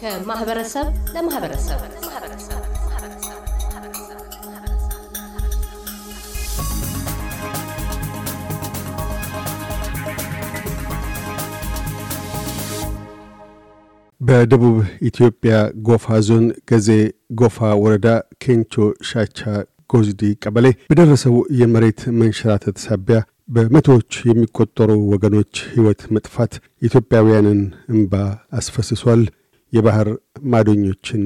ከማህበረሰብ ለማህበረሰብ በደቡብ ኢትዮጵያ ጎፋ ዞን ገዜ ጎፋ ወረዳ ኬንቾ ሻቻ ጎዝዲ ቀበሌ በደረሰው የመሬት መንሸራተት ሳቢያ በመቶዎች የሚቆጠሩ ወገኖች ህይወት መጥፋት ኢትዮጵያውያንን እምባ አስፈስሷል፣ የባህር ማዶኞችን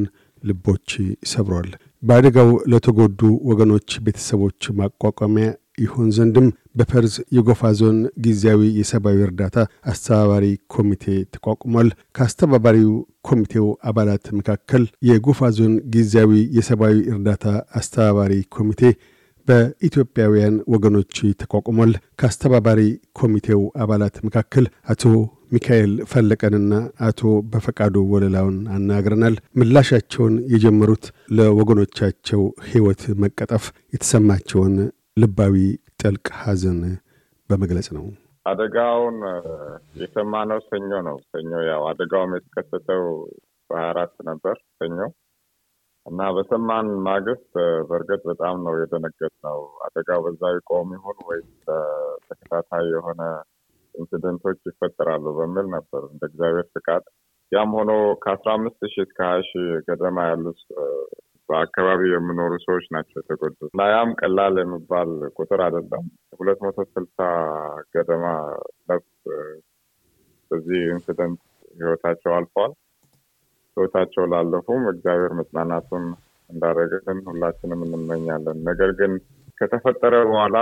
ልቦች ሰብሯል። በአደጋው ለተጎዱ ወገኖች ቤተሰቦች ማቋቋሚያ ይሆን ዘንድም በፐርዝ የጎፋ ዞን ጊዜያዊ የሰብአዊ እርዳታ አስተባባሪ ኮሚቴ ተቋቁሟል። ከአስተባባሪው ኮሚቴው አባላት መካከል የጎፋ ዞን ጊዜያዊ የሰብአዊ እርዳታ አስተባባሪ ኮሚቴ በኢትዮጵያውያን ወገኖች ተቋቁሟል። ከአስተባባሪ ኮሚቴው አባላት መካከል አቶ ሚካኤል ፈለቀንና አቶ በፈቃዱ ወለላውን አናግረናል። ምላሻቸውን የጀመሩት ለወገኖቻቸው ሕይወት መቀጠፍ የተሰማቸውን ልባዊ ጥልቅ ሐዘን በመግለጽ ነው። አደጋውን የሰማነው ሰኞ ነው። ሰኞ ያው አደጋውም የተከሰተው በሀያ አራት ነበር ሰኞ እና በሰማን ማግስት በእርግጥ በጣም ነው ነው። አደጋው በዛ ይቆም ይሁን ወይስ ተከታታይ የሆነ ኢንሲደንቶች ይፈጠራሉ በሚል ነበር እንደ እግዚአብሔር ፍቃድ። ያም ሆኖ ከአስራ አምስት ሺህ እስከ ሀያ ሺህ ገደማ ያሉት በአካባቢው የምኖሩ ሰዎች ናቸው የተጎዱት ላያም ቀላል የሚባል ቁጥር አይደለም። ሁለት መቶ ስልሳ ገደማ ነፍስ በዚህ ኢንሲደንት ህይወታቸው አልፈዋል። ህይወታቸው ላለፉም እግዚአብሔር መጽናናቱን እንዳደረገልን ሁላችንም እንመኛለን። ነገር ግን ከተፈጠረ በኋላ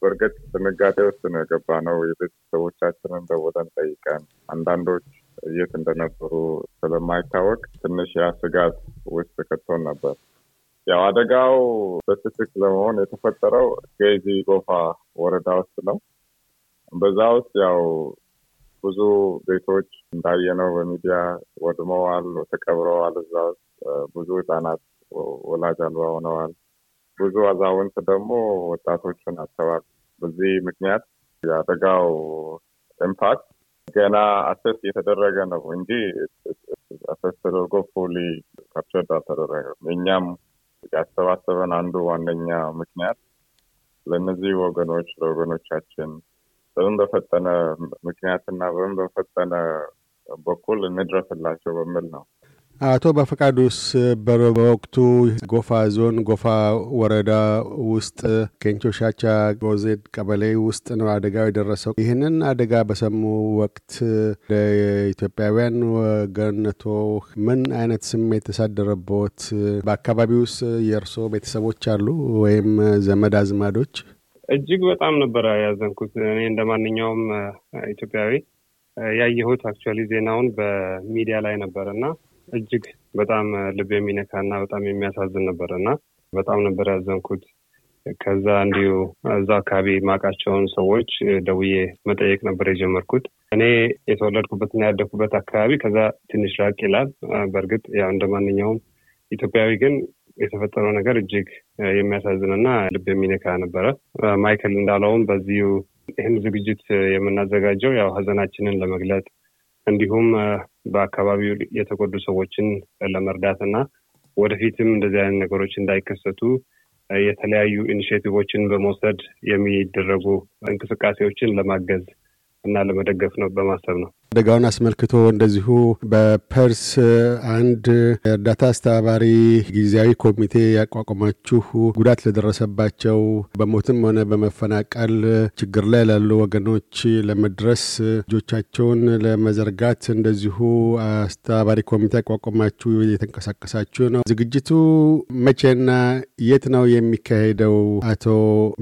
በእርግጥ ድንጋጤ ውስጥ ነው የገባ ነው። የቤተሰቦቻችንን ደውለን ጠይቀን አንዳንዶች የት እንደነበሩ ስለማይታወቅ ትንሽ ያ ስጋት ውስጥ ከቶን ነበር። ያው አደጋው ስፔሲፊክ ለመሆን የተፈጠረው ገዚ ጎፋ ወረዳ ውስጥ ነው። በዛ ውስጥ ያው ብዙ ቤቶች እንዳየነው በሚዲያ ወድመዋል፣ ተቀብረዋል። እዛ ውስጥ ብዙ ህጻናት ወላጅ አልባ ሆነዋል። ብዙ አዛውንት ደግሞ ወጣቶችን አተባል በዚህ ምክንያት የአደጋው ኢምፓክት ገና አሰስ የተደረገ ነው እንጂ አሰስ ተደርጎ ፉሊ ካፕቸርድ አልተደረገም። እኛም ያሰባሰበን አንዱ ዋነኛ ምክንያት ለእነዚህ ወገኖች ለወገኖቻችን በምን በፈጠነ ምክንያትና በምን በፈጠነ በኩል እንድረስላቸው በሚል ነው። አቶ በፈቃዱስ በወቅቱ ጎፋ ዞን ጎፋ ወረዳ ውስጥ ኬንቾ ሻቻ ጎዜድ ቀበሌ ውስጥ ነው አደጋው የደረሰው። ይህንን አደጋ በሰሙ ወቅት ለኢትዮጵያውያን ወገንቶ ምን አይነት ስሜት ተሳደረቦት? በአካባቢውስ የእርሶ ቤተሰቦች አሉ ወይም ዘመድ አዝማዶች? እጅግ በጣም ነበረ ያዘንኩት። እኔ እንደ ማንኛውም ኢትዮጵያዊ ያየሁት አክቹዋሊ ዜናውን በሚዲያ ላይ ነበር እና እጅግ በጣም ልብ የሚነካ እና በጣም የሚያሳዝን ነበር እና በጣም ነበር ያዘንኩት። ከዛ እንዲሁ እዛ አካባቢ ማቃቸውን ሰዎች ደውዬ መጠየቅ ነበር የጀመርኩት። እኔ የተወለድኩበትና ያደግኩበት አካባቢ ከዛ ትንሽ ራቅ ይላል። በእርግጥ ያው እንደ ማንኛውም ኢትዮጵያዊ ግን የተፈጠረው ነገር እጅግ የሚያሳዝንና ልብ የሚነካ ነበረ። ማይክል እንዳለውም በዚሁ ይህን ዝግጅት የምናዘጋጀው ያው ሀዘናችንን ለመግለጥ እንዲሁም በአካባቢው የተጎዱ ሰዎችን ለመርዳት እና ወደፊትም እንደዚህ አይነት ነገሮች እንዳይከሰቱ የተለያዩ ኢኒሽቲቮችን በመውሰድ የሚደረጉ እንቅስቃሴዎችን ለማገዝ እና ለመደገፍ ነው በማሰብ ነው። አደጋውን አስመልክቶ እንደዚሁ በፐርስ አንድ እርዳታ አስተባባሪ ጊዜያዊ ኮሚቴ ያቋቋማችሁ ጉዳት ለደረሰባቸው በሞትም ሆነ በመፈናቀል ችግር ላይ ላሉ ወገኖች ለመድረስ እጆቻቸውን ለመዘርጋት እንደዚሁ አስተባባሪ ኮሚቴ ያቋቋማችሁ የተንቀሳቀሳችሁ ነው። ዝግጅቱ መቼና የት ነው የሚካሄደው? አቶ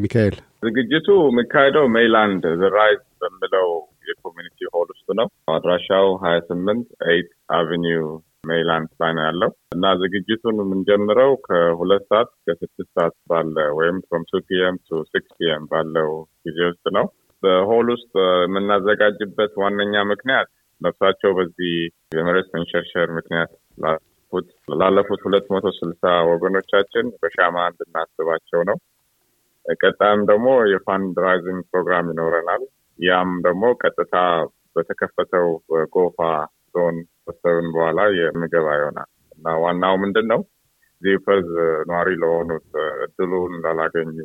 ሚካኤል ዝግጅቱ የሚካሄደው ሜይላንድ ዝራይዝ በሚለው የኮሚኒቲ ሆል ውስጥ ነው። አድራሻው ሀያ ስምንት ኤይት አቨኒ ሜይላንድ ላይ ነው ያለው እና ዝግጅቱን የምንጀምረው ከሁለት ሰዓት እስከ ስድስት ሰዓት ባለ ወይም ፍሮም ቱ ፒኤም ቱ ሲክስ ፒኤም ባለው ጊዜ ውስጥ ነው። በሆል ውስጥ የምናዘጋጅበት ዋነኛ ምክንያት ነብሳቸው በዚህ የመሬት መንሸርሸር ምክንያት ላለፉት ሁለት መቶ ስልሳ ወገኖቻችን በሻማ እንድናስባቸው ነው። ቀጣይም ደግሞ የፋንድራይዚንግ ፕሮግራም ይኖረናል። ያም ደግሞ ቀጥታ በተከፈተው ጎፋ ዞን ከሰብን በኋላ የምገባ ይሆናል እና ዋናው ምንድን ነው እዚህ ፈርዝ ነዋሪ ለሆኑት እድሉን ላላገኙ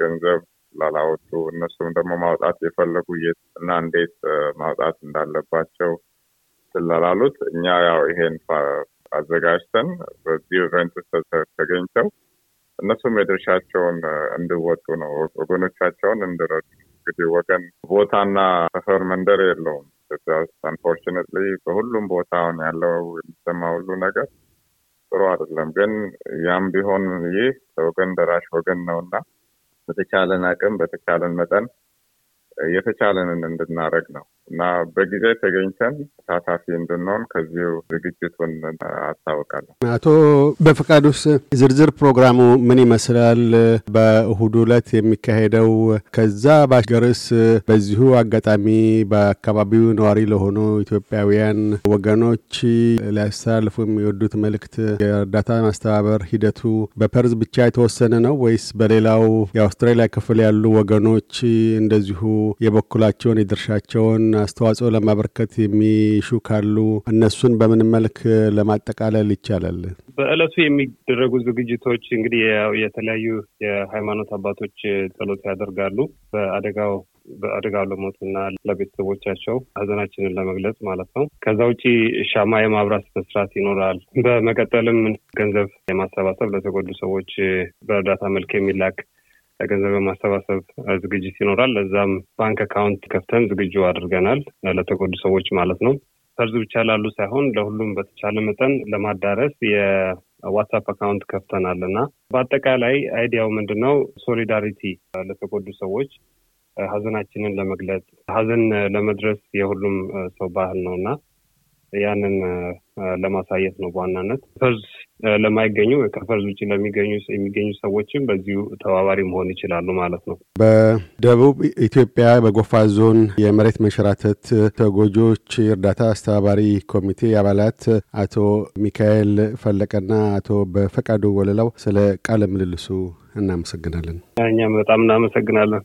ገንዘብ ላላወጡ እነሱም ደግሞ ማውጣት የፈለጉ የት እና እንዴት ማውጣት እንዳለባቸው ስላላሉት እኛ ያው ይሄን አዘጋጅተን በዚህ ኢቨንት ተገኝተው እነሱም የድርሻቸውን እንዲወጡ ነው፣ ወገኖቻቸውን እንድረዱ። እንግዲህ ወገን ቦታና ሰፈር መንደር የለውም ኢትዮጵያ ውስጥ አንፎርችኔትሊ በሁሉም ቦታ ያለው የሚሰማ ሁሉ ነገር ጥሩ አይደለም። ግን ያም ቢሆን ይህ ለወገን ደራሽ ወገን ነው እና በተቻለን አቅም በተቻለን መጠን የተቻለንን እንድናደርግ ነው። እና በጊዜ ተገኝተን ተሳታፊ እንድንሆን ከዚሁ ዝግጅቱን አስታውቃለሁ። አቶ በፈቃዱስ ዝርዝር ፕሮግራሙ ምን ይመስላል? በእሁዱ ዕለት የሚካሄደው ከዛ ባሻገርስ በዚሁ አጋጣሚ በአካባቢው ነዋሪ ለሆኑ ኢትዮጵያውያን ወገኖች ሊያስተላልፉ የሚወዱት መልእክት የእርዳታ ማስተባበር ሂደቱ በፐርዝ ብቻ የተወሰነ ነው ወይስ በሌላው የአውስትራሊያ ክፍል ያሉ ወገኖች እንደዚሁ የበኩላቸውን የድርሻቸውን አስተዋጽኦ ለማበርከት የሚሹ ካሉ እነሱን በምን መልክ ለማጠቃለል ይቻላል? በእለቱ የሚደረጉ ዝግጅቶች እንግዲህ የተለያዩ የሃይማኖት አባቶች ጸሎት ያደርጋሉ። በአደጋው በአደጋው ለሞቱና ለቤተሰቦቻቸው ሀዘናችንን ለመግለጽ ማለት ነው። ከዛ ውጪ ሻማ የማብራት ስነስርዓት ይኖራል። በመቀጠልም ገንዘብ የማሰባሰብ ለተጎዱ ሰዎች በእርዳታ መልክ የሚላክ ለገንዘብ ማሰባሰብ ዝግጅት ይኖራል። ለዛም ባንክ አካውንት ከፍተን ዝግጁ አድርገናል፣ ለተጎዱ ሰዎች ማለት ነው። ፈርዝ ብቻ ላሉ ሳይሆን ለሁሉም በተቻለ መጠን ለማዳረስ የዋትሳፕ አካውንት ከፍተናል እና በአጠቃላይ አይዲያው ምንድን ነው? ሶሊዳሪቲ ለተጎዱ ሰዎች ሀዘናችንን ለመግለጽ ሀዘን ለመድረስ የሁሉም ሰው ባህል ነው እና ያንን ለማሳየት ነው በዋናነት ፈርዝ ለማይገኙ ከፈርዝ ውጭ ለሚገኙ የሚገኙ ሰዎችም በዚሁ ተባባሪ መሆን ይችላሉ ማለት ነው። በደቡብ ኢትዮጵያ በጎፋ ዞን የመሬት መንሸራተት ተጎጆች እርዳታ አስተባባሪ ኮሚቴ አባላት አቶ ሚካኤል ፈለቀና አቶ በፈቃዱ ወለላው ስለ ቃለ ምልልሱ እናመሰግናለን። እኛም በጣም እናመሰግናለን።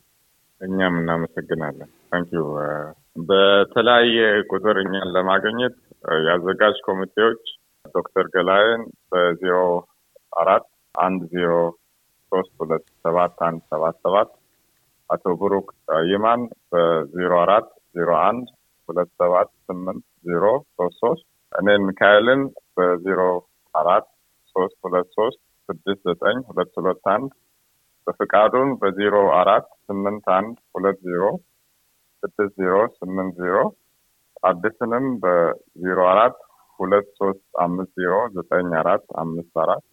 እኛም እናመሰግናለን። ታንኪዩ። በተለያየ ቁጥር እኛን ለማግኘት የአዘጋጅ ኮሚቴዎች ዶክተር ገላይን በዜሮ አራት አንድ ዜሮ ሶስት ሁለት ሰባት አንድ ሰባት ሰባት አቶ ብሩክ ይማን በዜሮ አራት ዜሮ አንድ ሁለት ሰባት ስምንት ዜሮ ሶስት ሶስት እኔ ሚካኤልን በዜሮ አራት ሶስት ሁለት ሶስት ስድስት ዘጠኝ ሁለት ሁለት አንድ በፍቃዱን በዜሮ አራት ስምንት አንድ ሁለት ዜሮ ስድስት ዜሮ ስምንት ዜሮ አዲስንም በዜሮ አራት ሁለት ሶስት አምስት ዜሮ ዘጠኝ አራት አምስት አራት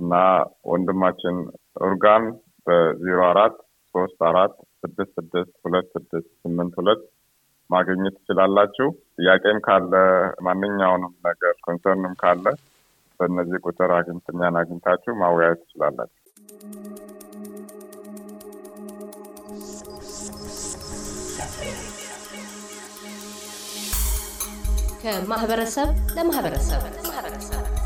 እና ወንድማችን ኡርጋን በዜሮ አራት ሶስት አራት ስድስት ስድስት ሁለት ስድስት ስምንት ሁለት ማግኘት ትችላላችሁ። ጥያቄም ካለ ማንኛውንም ነገር ኮንሰርንም ካለ በእነዚህ ቁጥር አግኝተኛን አግኝታችሁ ማወያየት ትችላላችሁ። ከማህበረሰብ ለማህበረሰብ